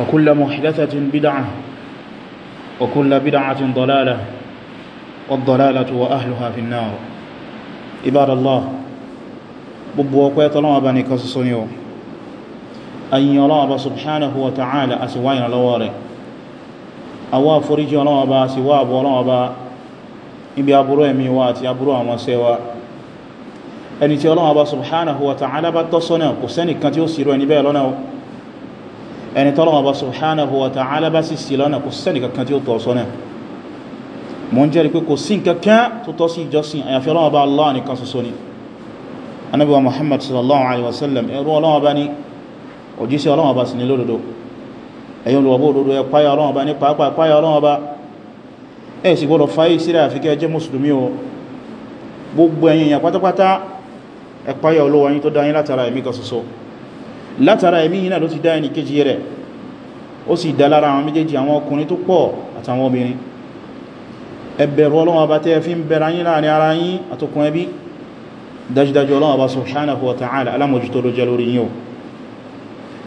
وكل محدثة بدعة وكل بدعة ضلالة والضلالة وأهلها في النار عباد الله gbogbo ọpẹ́ tọ́lọ́wọ́ bá ní kọsùsù ni o ayin ọlọ́wọ́ bá subhanahu wa ta'ala a sì wá ìrànlọ́wọ́ rẹ̀ awọ́ àforíjì ọlọ́wọ́ bá sì wá àbọ̀ ọlọ́wọ́ bá ibi aburú ẹ̀mí wa àti aburú àwọn sẹ́wà ẹni tí ọlọ́wọ́ bá subhanahu wa ta'ala bá tọ́ sọ́nà kò sẹ́nìkan tí ó sì rọ ẹni bẹ́ẹ̀ lọ́nà ẹni tọ́lọ́wọ́ bá subhanahu wa ta'ala bá sì sí lọ́nà kò sẹ́ni kankan tí ó tọ́ sọ́nà mọ́ jẹ́rì pé kò sí kankan tó tọ́ sí ìjọsìn àyàfi ọlọ́wọ́ bá Allah nìkan ṣoṣo ni anábíwa Muhammad sallallahu alaihi wasallam ẹrú ọlọ́wọ́ bá ní òjíṣẹ́ ọlọ́wọ́ bá sì ní lódodo ẹ̀yin olùwọ́bó òdodo ẹ páyà ọlọ́wọ́ bá ní pàápàá páyà ọlọ́wọ́ bá ẹ̀ olówó yín tó dá látara ẹ̀mí kan ṣoṣo látara ẹ̀mí yìí náà ló ti dá ẹni kejì rẹ̀ ó sì dá lára àwọn méjèèjì àwọn ọkùnrin tó pọ̀ àtàwọn obìnrin ẹ bẹ̀rù Ọlọ́run Ọba tẹ́ fi ń bẹ̀rẹ̀ yín láàrin ara yín àtọkùn ẹbí dájúdájú Ọlọ́run Ọba subhanahu wa ta'ala alámòjútó ló jẹ́ lórí yín o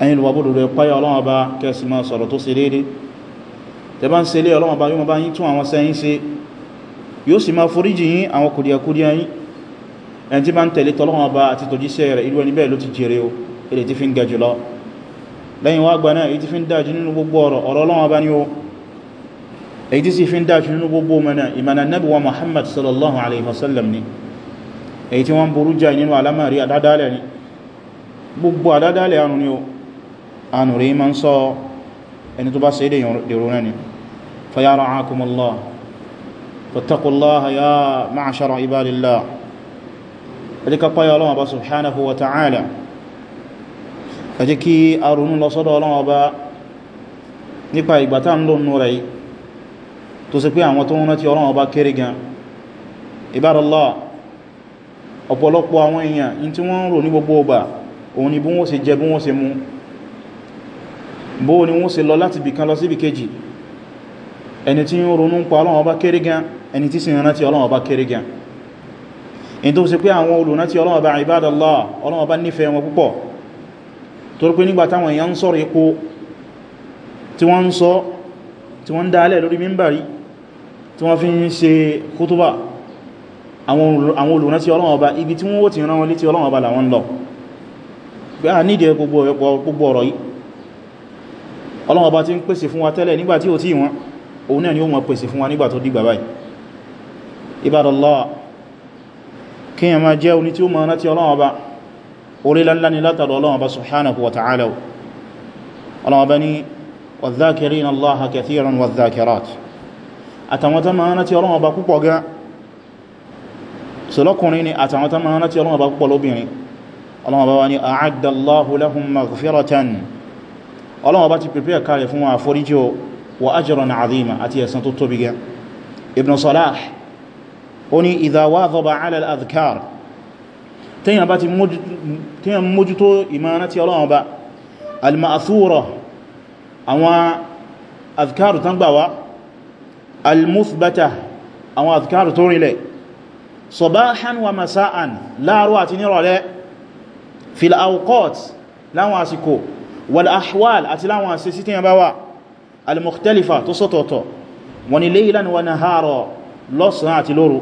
ẹ̀yin lùwà bọ́dọ̀ rẹ̀ páyà Ọlọ́run Ọba kẹsì máa sọ̀rọ̀ tó ṣe déédé tẹ́ bá ń ṣe lé Ọlọ́run Ọba yóò ti jèrè o èdè tí fi ń gẹjù lọ lẹ́yìn wá gbà náà èyí tí fi ń dájú nínú gbogbo ọ̀rọ̀ ọ̀rọ̀ Ọlọ́run bá ní o èyí tí sì fi ń dájú nínú gbogbo mẹ́nà ìmànà Nábì wa Muhammad sallallahu alaihi wasallam ni èyí tí wọ́n burú jẹ́ nínú alámàrí àdádálẹ̀ ni gbogbo àdádálẹ̀ àrùn ni o àrùn rí ma ń sọ ẹni tó bá ṣe èdè dèrò náà ni fayara'akumullah fattaqullaha ya ma'ashara ibadillah ẹ̀dẹ́ka páyà bá subhanahu wa ta'ala ẹ jẹ́ kí a ronú lọ sọ́dọ̀ Ọlọ́run Ọba nípa ìgbà tá ń lò nù rẹ̀ tó sì pé àwọn tó ń rántí Ọlọ́run Ọba kéré gan Ibadallah ọ̀pọ̀lọpọ̀ àwọn èèyàn in tí wọ́n ń rò ní gbogbo ọba òun ni bí wọ́n ṣe jẹ bí wọ́n ṣe mú bó ni wọ́n ṣe lọ láti bìkan lọ síbì kejì ẹni tí ń ronú pa Ọlọ́run Ọba kéré gan ẹni tí sì ń rántí Ọlọ́run Ọba kéré gan in tó sì pé àwọn olùrántí Ọlọ́run Ọba Ibadallah Ọlọ́run Ọba nífẹ̀ẹ́ wọn púpọ̀ torí pé nígbà táwọn èèyàn ń sọ̀rọ̀ epo tí wọ́n ń sọ tí wọ́n ń dálẹ̀ lórí mímbàrí tí wọ́n fi ń ṣe kútúbà àwọn olùrán tí Ọlọ́run Ọba ibi tí wọ́n wó ti rán wọn létí Ọlọ́run Ọba làwọn lọ pé a nídẹ̀ gbogbo ọ̀rọ̀ yìí ni ó mọ̀ pèsè orílẹ̀-nlá ni látàrọ Ọlọ́run bá subhanahu wa ta'ala Ọlọ́run bá ní wadh-dhakirina Allaha kathiran wadh-dhakirat àtàwọn tó máa rántí Ọlọ́run bá púpọ̀ gan sọlọ́kùnrin ni àtàwọn tó máa rántí Ọlọ́run bá púpọ̀ lóbìnrin Ọlọ́run bá wá ní a'adda Allahu lahum maghfiratan Ọlọ́run bá ti tíyàn bá ti mójútó ìmọ̀ràn tí ọlọ́run bá al-ma'thura àwọn azkaru tán gbà wá al-muthbata àwọn azkaru tó rinlẹ̀ sabahan wa masa'an láàrọ̀ àti nírọ̀lẹ́ fil awqat láwọn àsìkò wal ahwal àti láwọn àsìsí tíyàn bá wà al tó sọ́tọ̀ọ̀tọ̀ wani laylan wa nahara lọ́sàn àti lóru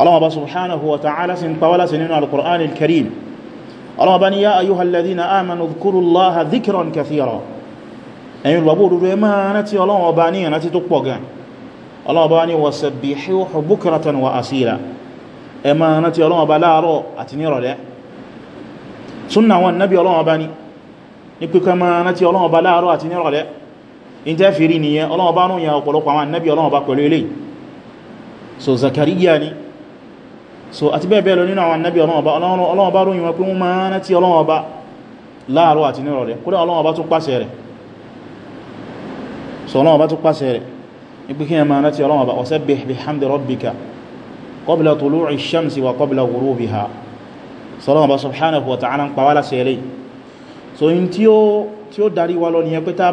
ọlọ́wọ́ bá subhanahu wa ta'ala sin pàwọ́lá sí nínú al-Qur'an al-Karim ọlọ́wọ́ bá ní ya ayyuha alladhina amanu dhkurullaha dhikran kathira ẹ̀yin lọ́bọ̀ òdúdó ẹ máa rántí ọlọ́wọ́ bá ní ìrántí tó pọ̀ gan ọlọ́wọ́ bá ní wasabbihuhu bukratan wa asila ẹ máa rántí ọlọ́wọ́ bá láàárọ̀ àti ní ìrọ̀lẹ́ sunna wọn nabi ọlọ́wọ́ bá ní ní pípẹ́ máa rántí ọlọ́wọ́ bá láàárọ̀ àti ní ìrọ̀lẹ́ in tẹ́ fi rí nìyẹn ọlọ́wọ́ bá nù yẹn ọ̀pọ̀lọpọ̀ àwọn nabi ọlọ́wọ́ bá pẹ̀lú so Zakariya ni so àti bẹ́ẹ̀ bẹ́ẹ̀ lọ nínú àwọn annabi Ọlọ́run Ọba Ọlọ́run bá ròyìn wọn pé wọ́n máa rántí Ọlọ́run Ọba láàárọ̀ àti nírọ̀ rẹ̀ kódà Ọlọ́run Ọba tún pàṣẹ rẹ̀ so Ọlọ́run Ọba tún pàṣẹ rẹ̀ ipé kí ẹ máa rántí Ọlọ́run Ọba wasabbih bihamdi rabbika qabla so Ọlọ́run Ọba subhanahu wa ta'ala ń pa wá láṣẹ rẹ̀ so in tí ó tí ó darí wa lọ nìyẹn pé tá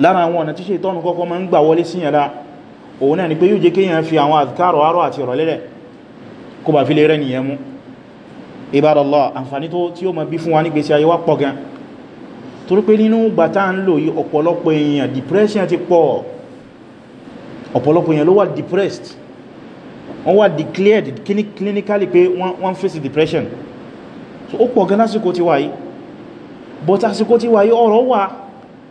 lára àwọn ọ̀nà tí ṣe ìtọ́nù kọ́kọ́ ma ń gbà wọlé sí yàrá òun náà ni pé yóò jẹ́ kéèyàn fi àwọn àzkárọ̀ àárọ̀ àti ìrọ̀lẹ́lẹ̀ kó bá fi lè rẹ̀ nìyẹn mú ibadallah àǹfàní tí ó ma bí fún wa ní gbèsè ayé wa pọ̀ gan torí pé nínú gbàtà ń lò yí ọ̀pọ̀lọpọ̀ èèyàn depression ti pọ̀ ọ̀pọ̀lọpọ̀ èèyàn ló wà depressed wọ́n wà declared clinically pé wọ́n face depression so ó pọ̀ gan lásìkò ti wáyé but àsìkò ti wáyé ọ̀rọ̀ wà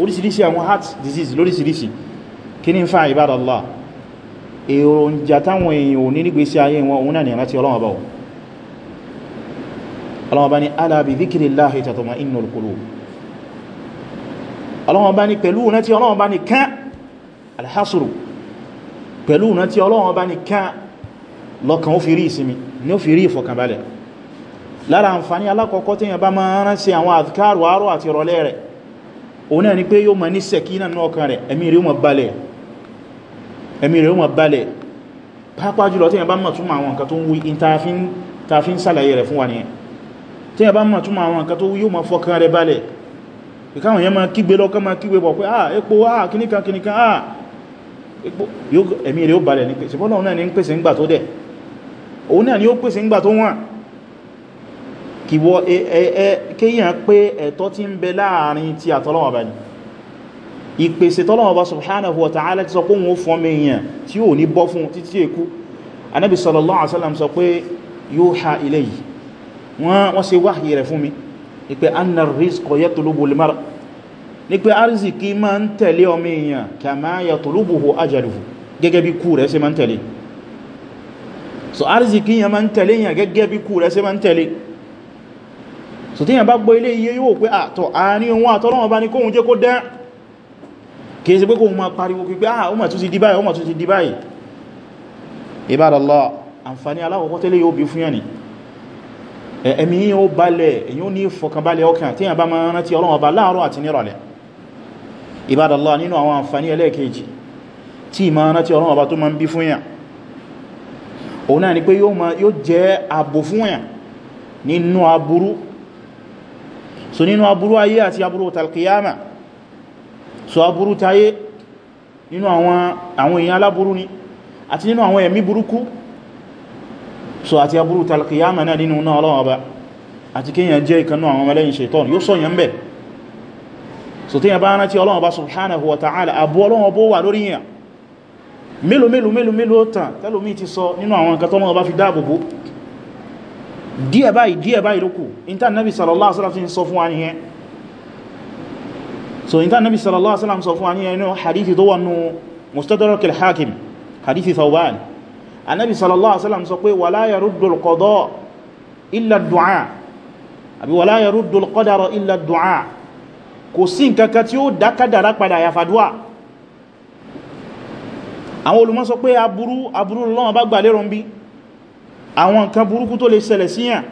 oríṣiríṣi àwọn heart disease lóríṣiríṣi kí ní ń fa ibadallah èròjà táwọn èèyàn ò ní nígbésí ayé wọn òun náà ni ìrántí Ọlọ́run Ọba Ọlọ́run Ọba ní ala bi dhikrillahi tatma'innul qulub Ọlọ́run Ọba ní pẹ̀lú ìrántí Ọlọ́run Ọba ní kán alhassuru pẹ̀lú ìrántí Ọlọ́run Ọba ní kán lọ́kàn ó fi rí ìsinmi ní ó fi rí ìfọ̀kànbalẹ̀ lára àǹfààní alákọ̀ọ́kọ́ tí yẹn bá máa rán sí àwọn àdíkàrù àárọ̀ àti ìrọ̀lẹ́ rẹ̀ òun náà ni pé yóò ma ní sẹ̀kí náà ọkàn rẹ̀ ẹ̀mí rẹ̀ ó ma balẹ̀ ẹ̀mí rẹ̀ ó ma balẹ̀ pápá jùlọ tí yẹn bá mọ̀ túnmọ̀ àwọn nǹkan tó ń wí in tààfin sàlàyé rẹ̀ fún wa nìyẹn ma fọkàn rẹ̀ balẹ̀ ìkáwọn ma kígbe ma kígbe bọ̀ pé ah epo ah kìníkan kìníkan ah epo ẹ̀mí rẹ̀ ó balẹ̀ ní pèsè fọ́lọ́ òun náà ni ń pèsè kíwọ́ kéyàn pé ẹ̀tọ́ tí ń bẹ láàrin ti àtọ́lọ́wọ̀ bá ní ìpèsè tọ́lọ́wọ̀ bá subhanahu wa ta'ala ti sọ pé wọ́n fún ọmọ èèyàn tí ò ní bọ́ fún títí èkú anábi sallallahu alaihi wasallam sọ pé yuha ilayhi wọ́n ṣe wáhì rẹ̀ fún mi ní pé anna rizqa yatlubu al-mar ní pé arziki ma ń tẹ̀lé ọmọ èèyàn kama so tí yàn bá gbọ́ ilé iye yíò pé àtọ̀ àárín ohun àtọ́lọ́wọ́ bá ní kóhun jẹ́ kó dẹ́ kìí ṣe pé kóhun máa pariwo pípé ah ó mà tún ti di báyìí ó mà tún ti di báyìí ìbádàlá àǹfàní aláwọ̀kọ́ tẹ́lẹ̀ yóò bí fún yàn ni ẹ̀mí yóò balẹ̀ èyí ó ní ìfọkànbalẹ̀ ọkàn tí yàn bá máa rántí Ọlọ́run bá láàárọ̀ so nínú aburú ayé àti aburú talqiyama so aburú tayé nínú àwọn àwọn èèyàn aláburú ni àti nínú àwọn ẹ̀mí burúkú so àti aburú talqiyama náà nínú náà ọlọ́wọ́ ba àti kíyàn jẹ́ ìkanú àwọn mẹ́lẹ́yìn shaitan yóò sọ̀yàn bẹ̀ so tí yẹn bá rántí ọlọ́wọ́ díẹ̀ báyìí díẹ̀ báyìí ló kù intan nabi sallallahu alaihi wasallam sọ fún wa nìyẹn so intan nabi sallallahu alaihi wasallam sọ fún wa nìyẹn nínú hadithi tó wọnú mustadrak al-hakim hadithi thawban anabi sallallahu alaihi wasallam sọ pé wala yaruddu al-qada illa ad-du'a àbí wala yaruddu al-qadara illa ad-du'a kò sí nǹkankan tí ó dákàdàrá padà yàfàdúwà àwọn olùmọ̀ sọ pé aburú aburú lọ́wọ́ bá gbà lérò bí àwọn nǹkan burúkú tó lè ṣẹlẹ̀ síyàn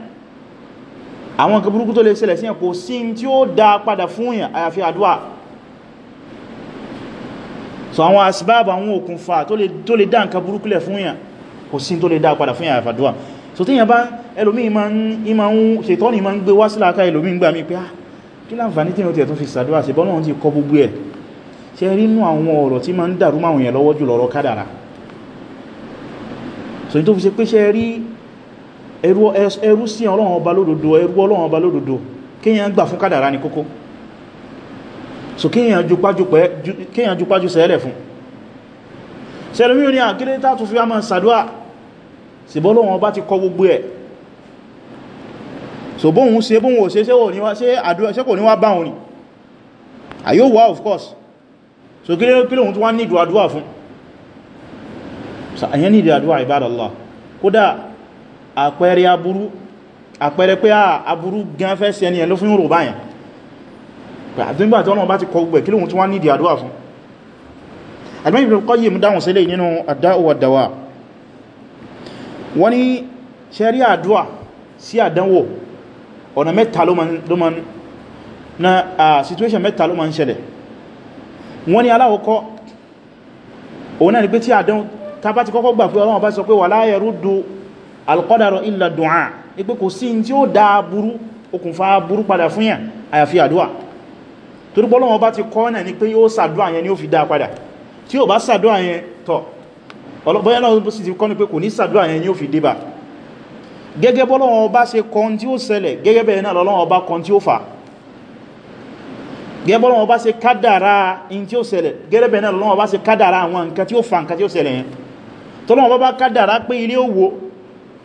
àwọn nǹkan burúkú tó lè ṣẹlẹ̀ síyàn kò sí tí ó dá padà fún yàn àyàfi àdúwà so àwọn asibáàbà àwọn òkùnfà tó lè dá nǹkan burúkú lẹ̀ fún yàn kò sí tó lè dá padà fún yàn àyàfi àdúwà so tí yàn bá ẹlòmí ìmọ̀ ń ṣètọ́ ni ma ń gbé wá síláka ẹlòmí ń gbà mí pé ah kí láǹfàní tí ó ti ẹ̀tún fi sàdúwà sí bọ́lọ́run ti kọ gbogbo ẹ̀ ṣe rínú àwọn ọ̀rọ̀ tí ma ń dàrú so ní tó fi ṣe pé ṣe rí ẹrú sí ọlọ́run ọba lódodo ẹrú ọlọ́run ọba lódodo kíyàn gbà fún kádàrá ní kókó so kíyàn jupájú sẹ́ẹ̀lẹ̀ fún sẹ́lẹ̀mí ò ní àkílẹ̀ tààtù fi àmà sàdúà sí bọ́lọ́run ọba ti kọ gbogbo ẹ̀ so bóhun ṣe bóhun ò ṣe ṣe kò níwá báhun ni of course so kílẹ̀ ohun tó wá ní ìdù àdúà so àyẹ́ ní ìdù ibadallah kódà àpẹẹrẹ aburú àpẹẹrẹ pé ah, aburú gan fẹ́ sí ẹni ẹ̀ ló fi ń rò báyẹn àdúgbà tí ọlọ́run bá ti kọ gbẹ̀ kí lóhun tí wọ́n nídìí àdúwà fún al ní ṣẹ́rí àdúwà sí àdánwò na situation mẹ́ta ló ma ń ṣẹlẹ̀ wọ́n ni pé tí àdánwò tá bá ti kọ́kọ́ gbà pé ọlọ́run bá sọ pé wa lā yaruddu alqadaru illa du'a ipé kò sí tí ó dá burú okùnfà burú padà fún yàn àyàfi àdúwà torí Ọlọ́run bá ti kọ́ náà ni pé yóò sàdúwà yẹn ni ó fi dá padà tí ó bá sàdúwà yẹn tọ́ ọlọ́bọ̀yẹ́ náà sì ti kọ́ ni pé kò ní sàdúwà yẹn ni ó fi dé bá gẹ́gẹ́ bọ́lọ́wọ́ bá ṣe kan tí ó ṣẹlẹ̀ gẹ́gẹ́ bẹ̀rẹ̀ náà lọ́lọ́wọ́ bá kan tí ó fà gẹ́gẹ́ bọ́lọ́wọ́ bá ṣe bá kádàrá pé ilé ó wo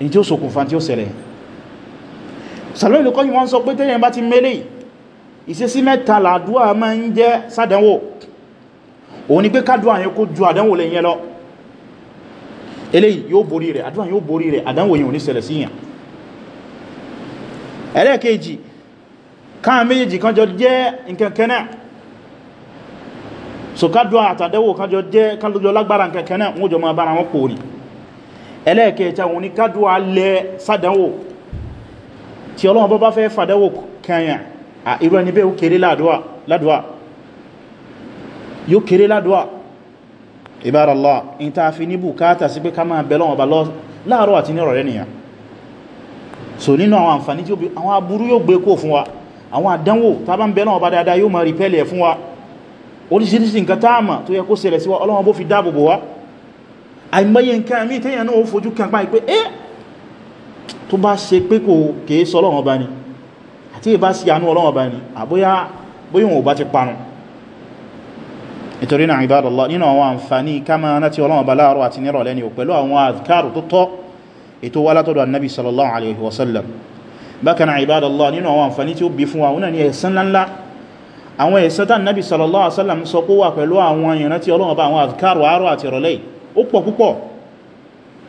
èyí tí ó ṣokùnfà tí ó ṣẹlẹ̀ Salim al wọ́n sọ pé tẹ́yẹn bá ti mẹ́lẹ̀ ìṣesí mẹ́ta làdúwà máa ń jẹ́ sádánwò òun ni pé kádùn àyẹn kó ju àdánwò lè yẹn lọ eléyìí yóò borí rẹ̀ àdúwà yóò borí rẹ̀ àdánwò yìí ò ní ṣẹlẹ̀ síyàn ẹlẹ́ẹ̀kejì káà méjèèjì kan jọ jẹ́ nkẹ̀kẹ́nà so kádùn àtàdánwò kan jọ jẹ́ kálójọ lágbára nkẹ̀kẹ́nà wọ́n jọ máa bára wọn pòrì ẹlẹ́ẹ̀kẹta wọn ni kádù alẹ́ sádánwò tí ọlọ́run bọ́ bá fẹ́ fàdánwò kanyà à irú ẹni bẹ́ yóò kéré ládùá ìbáralá in ta fi ní bùkátà sí pé ká máa bẹ̀lọ́wọ̀n bá láàárọ̀ àti ní ọ̀rẹ́ nìyàn so nínú àwọn àǹfàní tí àwọn aburú yóò gbé kó fún wa àwọn àdánwò tá bá ń bẹ̀lọ́wọ̀n bá dáadáa yóò máa rí pẹ́lẹ̀ fún wa oríṣiríṣi nǹkan táàmà tó yẹ kó ṣẹlẹ̀ sí wa ọlọ́wọ́n bó fi dáàbòbò wa àìmọye nǹkan àmì tẹ́yàn náà ó fojú kan páì pé eh tó bá ṣe pé kò kèé sọ Ọlọ́run Ọba ni àti ìbá sí àánú Ọlọ́run Ọba ni àbóyá bóyí wọn ò bá ti parun ìtorí náà ibadallah nínú àwọn àǹfàní kama náti Ọlọ́run Ọba láàárọ̀ àti nírọ̀lẹ́ ni pẹ̀lú àwọn àdhkárù tó tọ́ ètò wá látọ̀dọ̀ annabi sallallahu alaihi wasallam bákan náà ibadallah nínú àwọn àǹfàní tí ó bí fún wa wọn ni ẹ̀san àti rọ̀lẹ́ ó pọ̀ púpọ̀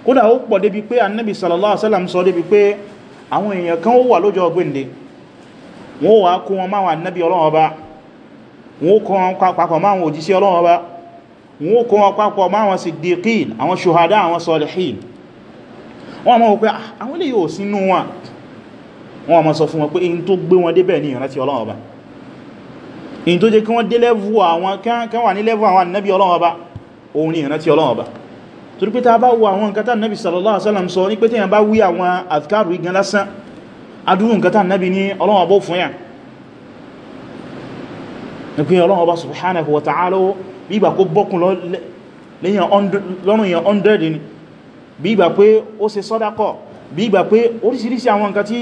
kódà ó pọ̀ débi pé annabi sallallahu alaihi wasallam sọ débi pé àwọn èèyàn kan ó wà lọ́jọ́ ọgbẹ́ndé wọ́n wà kó wọn máwọn annabi Ọlọ́run Ọba wọ́n kó wọn papọ̀ máwọn òjíṣẹ́ Ọlọ́run Ọba wọ́n kó wọn papọ̀ máwọn siddiqin àwọn shuhada àwọn salihin wọ́n mọ̀ pé ah, àwọn lè yóò sínú wọn wọ́n mọ̀ sọ fún wọn pé in tó gbé wọn débẹ̀ àwọn kan àwọn annabi òun ni ìrántí Ọlọ́run Ọba torí pé ta bá wo àwọn nǹkan tá nàbí sallallahu alaihi wasallam sọ ní pé tẹ́yàn bá wí àwọn àfikáàrù igan lásán adúrú nǹkan tá nàbí ní Ọlọ́run Ọba fún yàn ní pé Ọlọ́run Ọba subhanahu wa ta'ala bí ìgbà kó bọ́kùn lọ́rùn yàn 100 ni bí ìgbà pé ó ṣe sọ́dákọ̀ bí ìgbà pé oríṣiríṣi àwọn nǹkan tí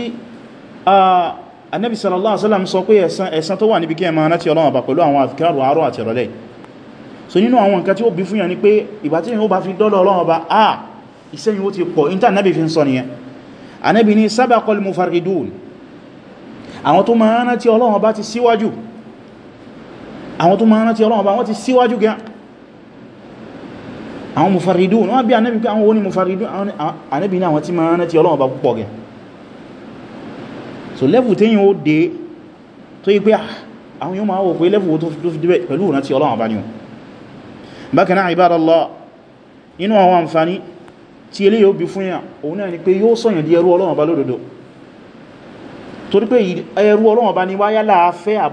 Ànábì sallallahu alaihi sọ pé ẹ̀san tó wà níbi kí ẹ so nínú àwọn nǹkan tí ó bí fún yàn ni pé ìgbà tí yàn ó bá fi dọ́lọ̀ Ọlọ́run Ọba ah iṣẹ́ yìí ó ti pọ̀ ìntà nẹ́bì fi ń sọ nìyẹn anẹ́bì ní sabaqal mufarridun àwọn tó máa rántí Ọlọ́run Ọba ti síwájú àwọn tó máa rántí Ọlọ́run Ọba wọ́n ti síwájú gan àwọn mufarridun wọ́n bí anẹ́bì pé àwọn wo ni mufarridun anẹ́bì ní àwọn tí máa rántí Ọlọ́run Ọba púpọ̀ so level téyàn ó dé tó yí pé ah, level tó fi dé pẹ̀lú ìrántí bákanáà lọ inú àwọn àǹfàní tí ilé yóò bí fún yà òun náà ni pé yóò sọ̀yàn di ẹrú Ọlọ́run bá lódodo torí pé ẹrú Ọlọ́run bá ní wá yálà afẹ́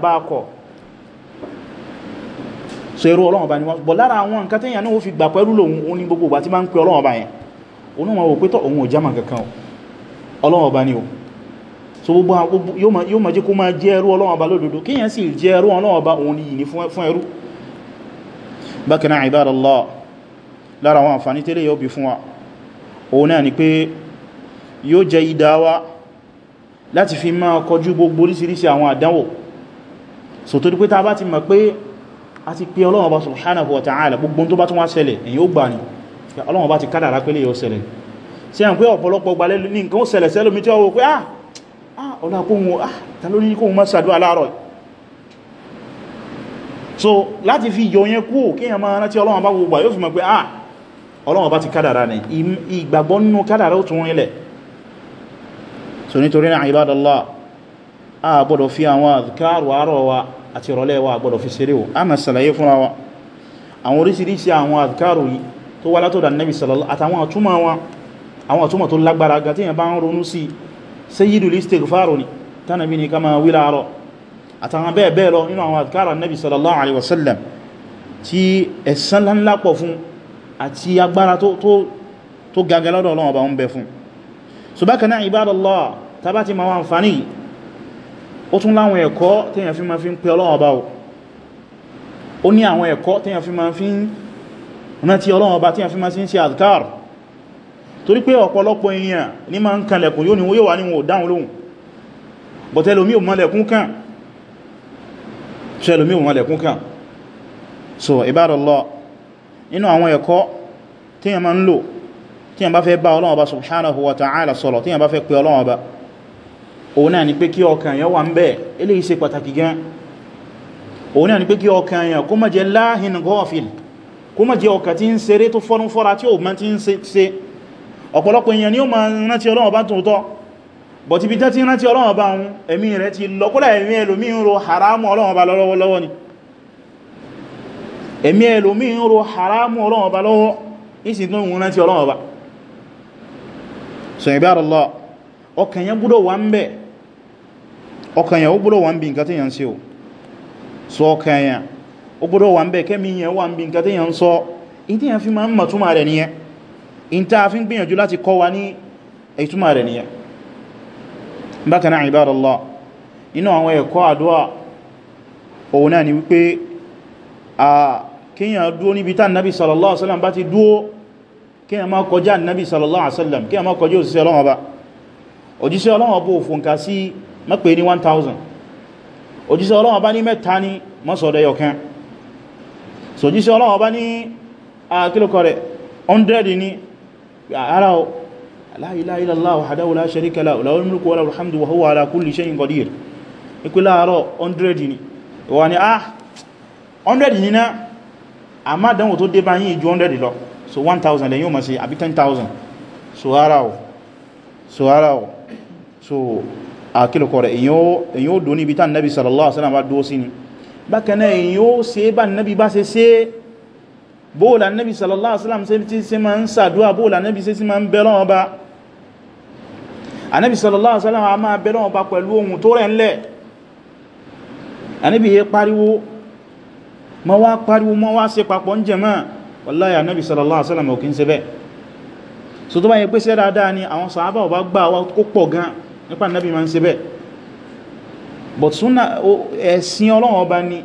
so ẹrú Ọlọ́run bá ní wá bọ̀ lára àwọn nǹkan tẹ́yàn fi gbà pẹ̀lú lòun gbogbo ìgbà so gbogbo yóò ma jẹ́ kó ma jẹ́ kíyàn bákan náà ibadallah lára àwọn àǹfàní tẹ́lẹ̀ yóò bí fún wa òun náà ni pé yóò jẹ ìdáwà láti fi máa kọjú gbogbo oríṣiríṣi àwọn àdánwò so tó dípé ta bá ti mọ̀ pé a ti pé Ọlọ́run Ọba subhanahu wa ta'ala gbogbo tó bá tún wá ṣẹlẹ̀ èyí ó gbà ní Ọlọ́run Ọba ti kádàrá pé lè ah, ah, ah, yóò so láti fi yọ yẹn kúò kí èyàn máa rántí Ọlọ́run bá gbogbo yóò fi mọ̀ pé ah Ọlọ́run bá ti kádàrá ní ìgbàgbọ́ nínú kádàrá ó tún so nítorí náà ibadallah a gbọ́dọ̀ fi àwọn àzùkárù àárọ̀ wa àti ìrọ̀lẹ́ wa gbọ́dọ̀ fi ṣeré o a mẹ́ sàlàyé fúnra wa àwọn oríṣiríṣi àwọn àzùkárù yìí tó wá látọ̀dà nẹ́bì sallallahu àtàwọn àtúmọ̀ wọn àwọn àtúmọ̀ tó lágbára gan tí èyàn àtàwọn bẹ́ẹ̀ bẹ́ẹ̀ lọ nínú àwọn àdìkára nẹ́bì sallallahu alaihi wasallam tí ẹ̀san ńlá pọ̀ fún àti agbára tó gaga lọ́dọ̀ Ọlọ́run ọba ń bẹ fún so bákan náà ibadallah tàbá ti ma wá àǹfàní ó tún láwọn ẹ̀kọ́ tẹ́yàn fi ma fi ń pè Ọlọ́run ọba ó ní àwọn ẹ̀kọ́ tẹ́yàn fi ma fi ń rántí Ọlọ́run ọba tẹ́yàn fi ma fi ń ṣe torí pé ọ̀pọ̀lọpọ̀ èèyàn ní ma ń kanlẹ̀kùn yóò ní wọ́n yóò wà ní wọn dáhùn lóhùn bọ̀tẹ́lómí ò mọ́lẹ̀kún kan so ẹlòmí wọn lẹ̀kún kàn so ibadallah nínú àwọn ẹ̀kọ́ tí yẹn ma ń lò tí yẹn bá fẹ́ bá Ọlọ́run Ọba subhanahu wa ta'ala sọ̀rọ̀ tí yẹn bá fẹ́ pè Ọlọ́run Ọba òun náà ni pé kí ọkàn yẹn wà ń bẹ̀ eléyìí ṣe pàtàkì gan òun náà ni pé kí ọkàn yẹn kó má jẹ́ láhìn gọ́ọ̀fìn kó má jẹ́ ọkàn tí ń ṣeré tó fọ́nú fọ́ra tí ó mọ́ tí ń ṣe ọ̀pọ̀lọpọ̀ èèyàn ni ó ma rántí Ọlọ́run Ọba tòótọ́ but ibi tẹ́ ti rántí ọlọ́wọ́ bá ń ẹ̀mí rẹ̀ ti lọ́kọ́lá ẹ̀mí ẹlòmí ń ro haramu ọlọ́wọ́ bá lọ́wọ́lọ́wọ́ ni ẹ̀mí ẹlòmí ń ro haramu ọlọ́wọ́ bá lọ́wọ́ ìsìnkú ń rántí ọlọ́wọ́ bá so ibadallah ọkàn yẹn gbọ́dọ̀ wà ń bẹ̀ ọkàn yẹn ó gbọ́dọ̀ wà ń bí nǹkan tí yẹn ń ṣe o so ọkàn yẹn ó gbọ́dọ̀ wà ń bákan náà ibadallah inú àwọn ẹ̀kọ́ àdúwà òun náà ni wípé a kíyàn dúó níbi tán nabi sallallahu alaihi wasallam bá ti dúó kíyàn má kọjá nabi sallallahu alaihi wasallam kíyàn má kọjá òjíṣẹ́ Ọlọ́run Ọba òjíṣẹ́ Ọlọ́run Ọba la ilaha illallah wahdahu la sharika lahu lahul mulku wa lahul hamdu wa huwa ala kulli shay'in qadir ipe láàárọ̀ 100 ni wà ní ah 100 ni náà a máa dánwò tó dé bá yín ju 100 so 1000 lẹ́yìn so ara o so ara o so akílùkọ rẹ̀ èyàn ó dò níbi tán nabi sallallahu alaihi wasallam bá dúó sí ni bákan náà èyàn ó ṣe bá nabi bá ṣe ṣe bóòlà nabi sallallahu alaihi wasallam ṣe ti ṣe ma ń sàdúwà bóòlà nabi ṣe ti ma ń bẹ̀rọ anábi sallallahu alaihi wasallam a máa bẹ̀rẹ̀ ọba pẹ̀lú ohun tó rẹ̀ ńlẹ̀ anábi yẹ pariwo ma wá pariwo ma wá ṣe papọ̀ ń jẹmọ́ wallahi anábi sallallahu alaihi wasallam òkín ṣe bẹ́ẹ̀ so tó bá yẹ pé ṣe dáadáa ni àwọn sàábà ọba gbà wá kó pọ̀ gan nípa anábi ma ń ṣe bẹ́ẹ̀ but súnà ẹ̀sìn ọlọ́run ọba ni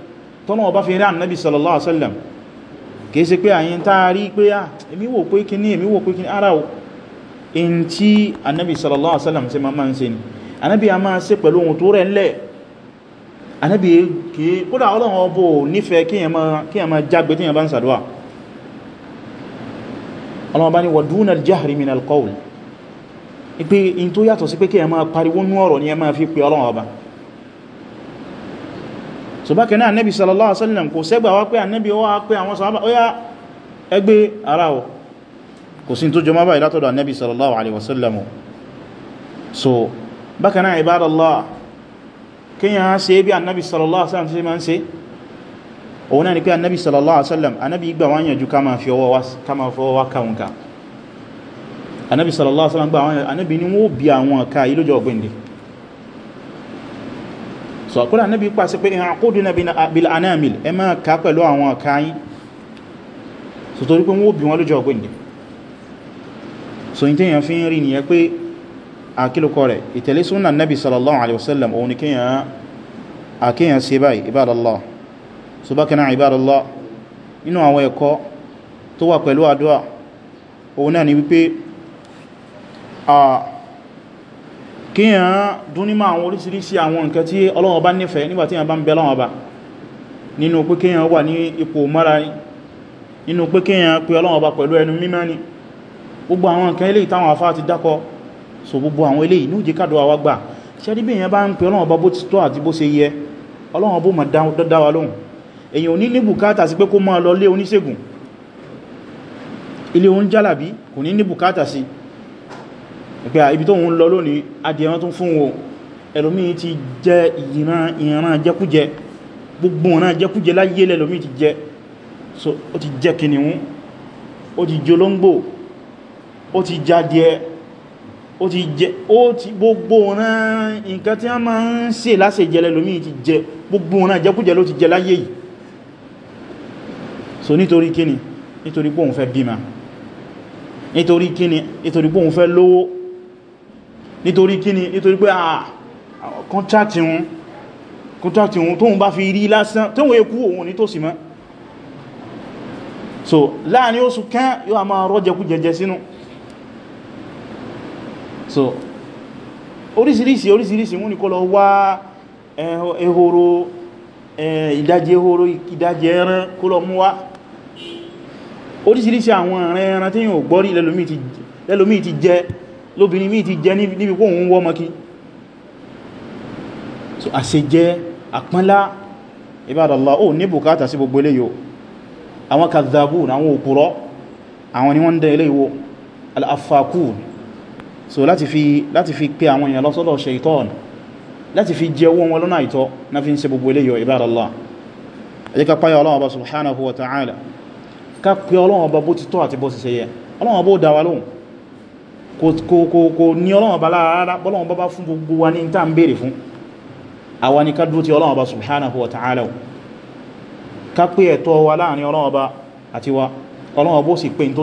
tọ́lọ́run ọba fi rí anábi sallallahu alaihi wasallam kìí ṣe pé àyíntá rí pé ah èmi wò pé kíní èmi wò pé kíní ara o in tí anábi sallallahu alaihi wasallam ṣe ma ma ń ṣe ni anábi a máa ṣe pẹ̀lú ohun tó rẹ̀ ńlẹ̀ anábi kí kódà ọlọ́run ọbọ̀ nífẹ̀ẹ́ kí ẹ ma jágbe tí ẹ bá ń sàdọ́wà ọlọ́run bá ní wa duna al-jahri min al-qawl pé in tó yàtọ̀ sí pé kí ẹ ma pariwo nú ọ̀rọ̀ ni ẹ ma fi pe ọlọ́run ọba so bákan náà anábi sallallahu alaihi wasallam kò sẹ́gbà wá pé anábi wá pé àwọn sàhábà ó yá ẹgbẹ́ ara ọ̀ kò sí tó jọ má báyìí látọ̀dọ̀ annabi sallallahu alaihi wasallam so bákan náà ibadallah kíyàn ṣe bí annabi sallallahu alaihi wasallam ṣe máa ń ṣe òun náà ni pé annabi sallallahu alaihi wasallam annabi gbà wọ́n yànjú ká máa fi ọwọ́ wá kàwùnká annabi sallallahu alaihi wasallam gbà wọ́n annabi ni wọ́n bí àwọn ká yí lójọ ọgbìn so àkúrò annabi pàṣẹ pé ìhàn àkódù na bil anamil ẹ máa ká pẹ̀lú àwọn ká yí so torí pé wọ́n bí wọn lójọ ọgbìn dì so in tẹ́yàn fi ń rí nìyẹn pé àkílùkọ rẹ̀ ìtẹ̀lé súnà nabi sallallahu alaihi wasallam òun ni kíyàn ṣe báyìí ibadallah so bákanáà ibadallah inú àwọn ẹ̀kọ́ tó wà pẹ̀lú àdúwà òun náà ni wípé a kíyàn dúnímọ̀ àwọn orísìírísìí àwọn nǹkan tí Ọlọ́run bá nífẹ̀ẹ́ nígbàtí yàn bá ń bẹ Ọlọ́run bá bá pẹ̀lú ẹnu mímọ́ ni gbogbo àwọn nǹkan eléyìí táwọn afá ti dákọ so gbogbo àwọn eléyìí ní òjì kádọ̀ àwa gbà ṣẹ́rí bí èèyàn bá ń pè ọlọ́run ọba bó ti tọ́ àti bó ṣe yẹ ọlọ́run ọbó mà dá wa lóhùn èèyàn ò ní ní bùkátà sí pé kó máa lọ lé oníṣègùn ilé oún jálàbí kò ní ní bùkátà sí pé ibi tó ń ti jẹ ìran ìran ti jẹ so ó ti jẹ kìnìún ó ti ó ti jádìẹ ó ti jẹ ó ti gbogbo ọ̀nà nǹkan tí a máa ń ṣe láṣẹ jẹ lẹ́lòmí ti jẹ gbogbo ọ̀nà jẹkújẹ ló ti jẹ láyé yìí so nítorí kíni nítorí pé òun fẹ́ bímá nítorí kíni nítorí pé òun fẹ́ lówó nítorí kíni nítorí pé àà ah, kọ́ntrakti wọn kọ́ntrakti wọn tóun bá fi rí lásán tóun ekú òun ní tòsí mọ́ so láàrin oṣù kan yóò a máa rọ́jẹkú jẹjẹ sínú si so oríṣiríṣi oríṣiríṣi mú ní kó lọ wá eh, ehoro eh, ìdájì ehoro ìdájì ẹran kó lọ mú wá oríṣiríṣi àwọn ẹ̀rẹ̀ ẹran tí yíò gbọ́rí lẹ́lòmí ti jẹ lóbìnrin mí ti jẹ níbi kó òun wọ́ mọ́kí so àṣejẹ àpọ́nlá ibadallah ó ní bùkátà sí gbogbo eléyò àwọn kazabun àwọn òpùrọ́ àwọn ni wọ́n ń dẹ eléyò al-afakun so láti fi láti fi pé àwọn èèyàn lọ́sọ́dọ̀ ṣaitan láti fi jẹ owó wọn lọ́nà àìtọ́ na fi ń ṣe gbogbo eléyọ ibadallah ẹjẹ́ ká páyà Ọlọ́run Ọba subhanahu wa ta'ala ká pé Ọlọ́run Ọba bó ti tọ́ àti bó ti ṣeyẹ Ọlọ́run Ọba ó dá wa lóhùn kò ní Ọlọ́run Ọba lára bọ́lọ́run Ọba bá fún gbogbo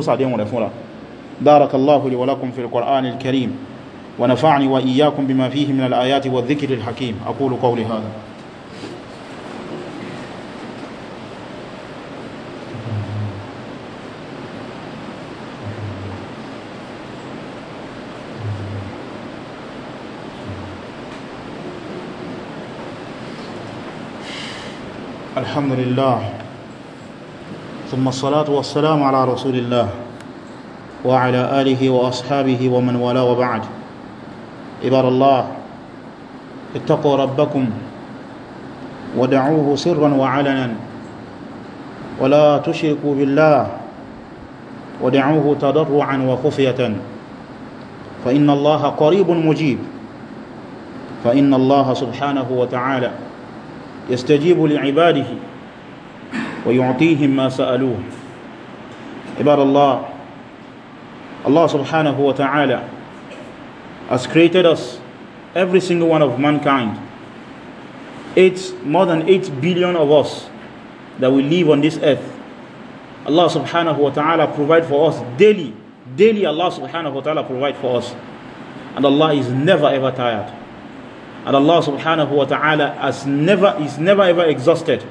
wa ní بارك الله لي ولكم في القرآن الكريم ونفعني وإياكم بما فيه من الآيات والذكر الحكيم أقول قولي هذا الحمد لله ثم الصلاة والسلام على رسول الله وعلى آله وأصحابه ومن ولا وبعد إبار الله اتقوا ربكم ودعوه سرا وعلنا ولا تشركوا بالله ودعوه تضرعا وخفية فإن الله قريب مجيب فإن الله سبحانه وتعالى يستجيب لعباده ويعطيهم ما سألوه عباد الله Allah subhanahu wa ta'ala has created us, every single one of mankind. It's more than 8 billion of us that we live on this earth. Allah subhanahu wa ta'ala provide for us daily. Daily Allah subhanahu wa ta'ala provide for us. And Allah is never ever tired. And Allah subhanahu wa ta'ala has never is never ever exhausted.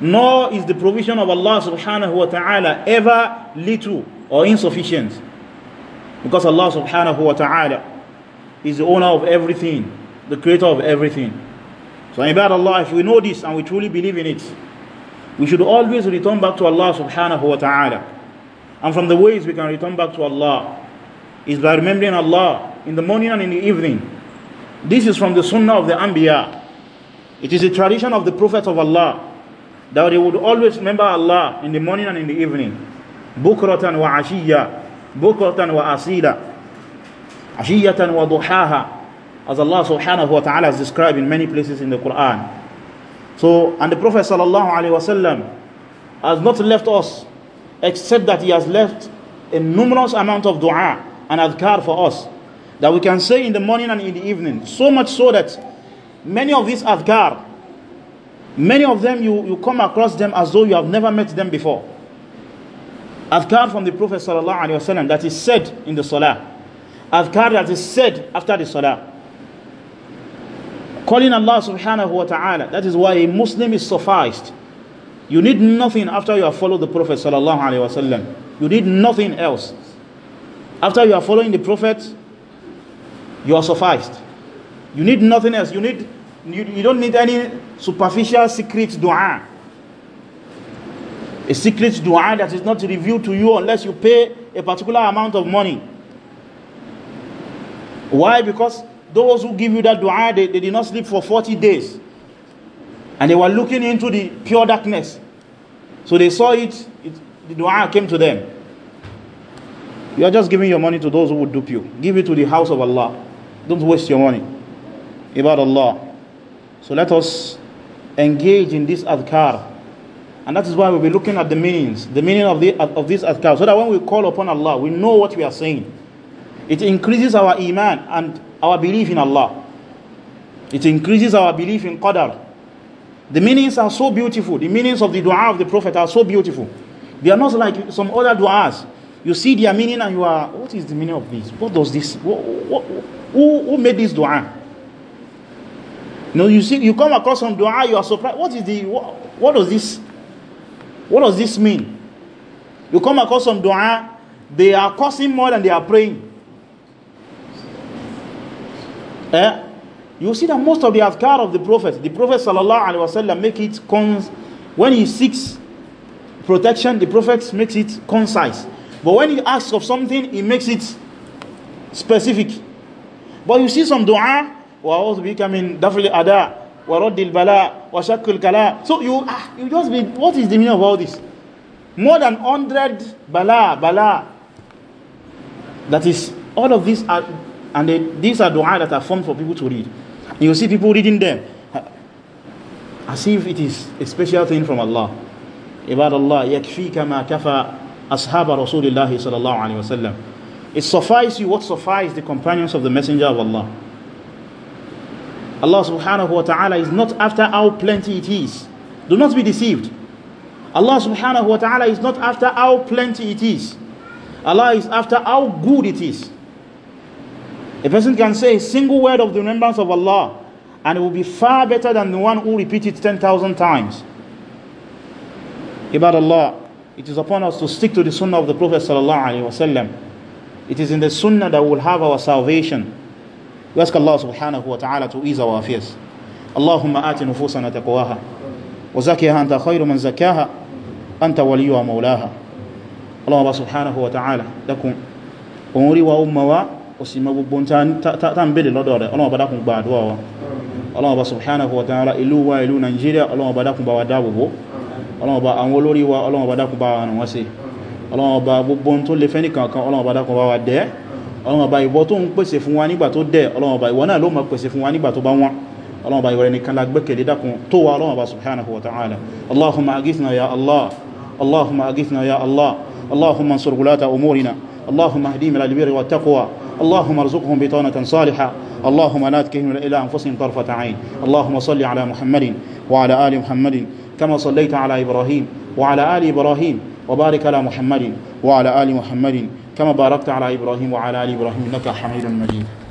Nor is the provision of Allah subhanahu wa ta'ala ever little or insufficient. Because Allah subhanahu wa ta'ala is the owner of everything, the creator of everything. So in Allah, if we know this and we truly believe in it, we should always return back to Allah subhanahu wa ta'ala. And from the ways we can return back to Allah is by remembering Allah in the morning and in the evening. This is from the sunnah of the Anbiya. It is a tradition of the Prophet of Allah that they would always remember Allah in the morning and in the evening. Bukratan wa ashiyah bukratan wa asila ashiyatan wa duhaha as Allah subhanahu wa ta'ala has described in many places in the Quran so and the prophet sallallahu alaihi wasallam has not left us except that he has left a numerous amount of dua and adhkar for us that we can say in the morning and in the evening so much so that many of these adhkar many of them you, you come across them as though you have never met them before adhkar from the Prophet sallallahu alayhi wasallam that is said in the salah adhkar that is said after the salah calling Allah subhanahu wa ta'ala that is why a Muslim is sufficed you need nothing after you have followed the Prophet sallallahu alayhi wasallam you need nothing else after you are following the Prophet you are sufficed you need nothing else you need you, you don't need any superficial secret dua a secret dua that is not revealed to you unless you pay a particular amount of money. Why? Because those who give you that dua, they, they did not sleep for 40 days. And they were looking into the pure darkness. So they saw it, it the dua came to them. You are just giving your money to those who would dupe you. Give it to the house of Allah. Don't waste your money. About Allah. So let us engage in this adhkar and that is why we'll be looking at the meanings, the meaning of, the, of these adhkar, so that when we call upon Allah, we know what we are saying. It increases our iman and our belief in Allah. It increases our belief in Qadar. The meanings are so beautiful. The meanings of the dua of the Prophet are so beautiful. They are not like some other du'as. You see their meaning and you are, what is the meaning of this? What does this, what, what, who, who made this du'a? No, you see, you come across some du'a, you are surprised. What is the, what, what does this What does this mean? You come across some dua, they are cursing more than they are praying. Eh? You see that most of the adhkar of the Prophet, the Prophet sallallahu alaihi wasallam make it cons when he seeks protection, the Prophet makes it concise. But when he asks of something, he makes it specific. But you see some dua, well, I mean, definitely ada, ورد البلاء وشك الكلاء so you ah, you just be what is the meaning of all this more than 100 bala bala that is all of these are and they, these are dua that are formed for people to read and you see people reading them as if it is a special thing from Allah عباد الله يكفيك ما كفى أصحاب رسول الله صلى الله عليه وسلم it suffices you what suffices the companions of the messenger of Allah Allah subhanahu wa ta'ala is not after how plenty it is. Do not be deceived. Allah subhanahu wa ta'ala is not after how plenty it is. Allah is after how good it is. A person can say a single word of the remembrance of Allah and it will be far better than the one who repeats it 10,000 times. About Allah, it is upon us to stick to the sunnah of the Prophet sallallahu alaihi wasallam. It is in the sunnah that we will have our salvation. We ask Allah subhanahu wa ta'ala to ease our affairs. Allahumma ati nufusana taqwaha wa zakiha anta khayru man zakaha anta waliyuha mawlaha. Allah subhanahu wa ta'ala dákun òun rí wa ó ma wá ó sì ma gbogbo tá ń bèèrè lọ́dọ̀ rẹ̀ ọlọ́wọ́ bá dákun gba àdúwà wa ọlọ́wọ́ bá subhanahu wa ta'ala ìlú wa ìlú Nigeria ọlọ́wọ́ bá dákun bá wa dáàbòbò ọlọ́wọ́ bá àwọn olórí wa ọlọ́wọ́ bá dákun bá wa nù wọ́n sí ọlọ́wọ́ bá gbogbo tó lè fẹ́ nìkan kan ọlọ́wọ́ bá dákun bá wa dẹ́ ọlọ́wọ̀n bá ìwọ tó ń pèsè fún wa nígbà tó dẹ̀ ọlọ́wọ̀n bá ìwọ náà ló mọ̀ pèsè fún wa nígbà tó bá wọn ọlọ́wọ̀n bá ìwọ ẹnìkan lágbẹ́kẹ̀lé dákun tó wà ọlọ́wọ̀n bá subhanahu wa اللهم اهديهم الى البر اللهم ارزقهم بطانة صالحة اللهم لا تكلهم الى انفسهم طرفة عين اللهم صل على محمد وعلى ال محمد كما صليت على ابراهيم وعلى ال ابراهيم وبارك على محمد وعلى ال محمد كما باركت على إبراهيم وعلى آل إبراهيم إنك حميد مجيد